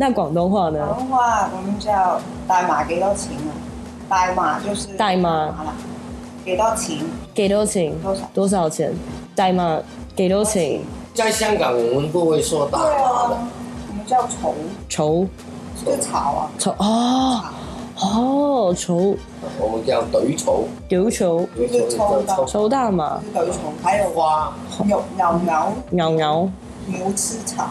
那廣東話呢？廣東話，我們叫大麻幾多錢啊？大麻就是大麻啦，幾多錢？幾多錢？多少？多少錢？大麻幾多錢？在香港，我們不會說大麻，我們叫草草，就草啊！草哦哦草，我們叫堆草。堆草，堆草大麻，堆草睇下話肉牛牛牛牛牛吃草。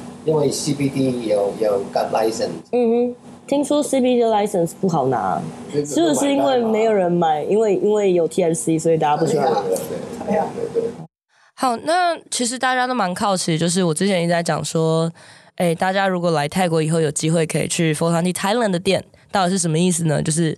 因為 CBD 有，有 got license。嗯哼，聽說 CBD license 不好拿，是不？、嗯、是因為沒有人買，嗯、因為因為有 THC，所以大家不喜歡。拿好，那其實大家都蠻好奇，就是我之前一直在講說，誒、欸，大家如果來泰國以後有機會可以去420 Thailand 的店，到底是什麼意思呢？就是。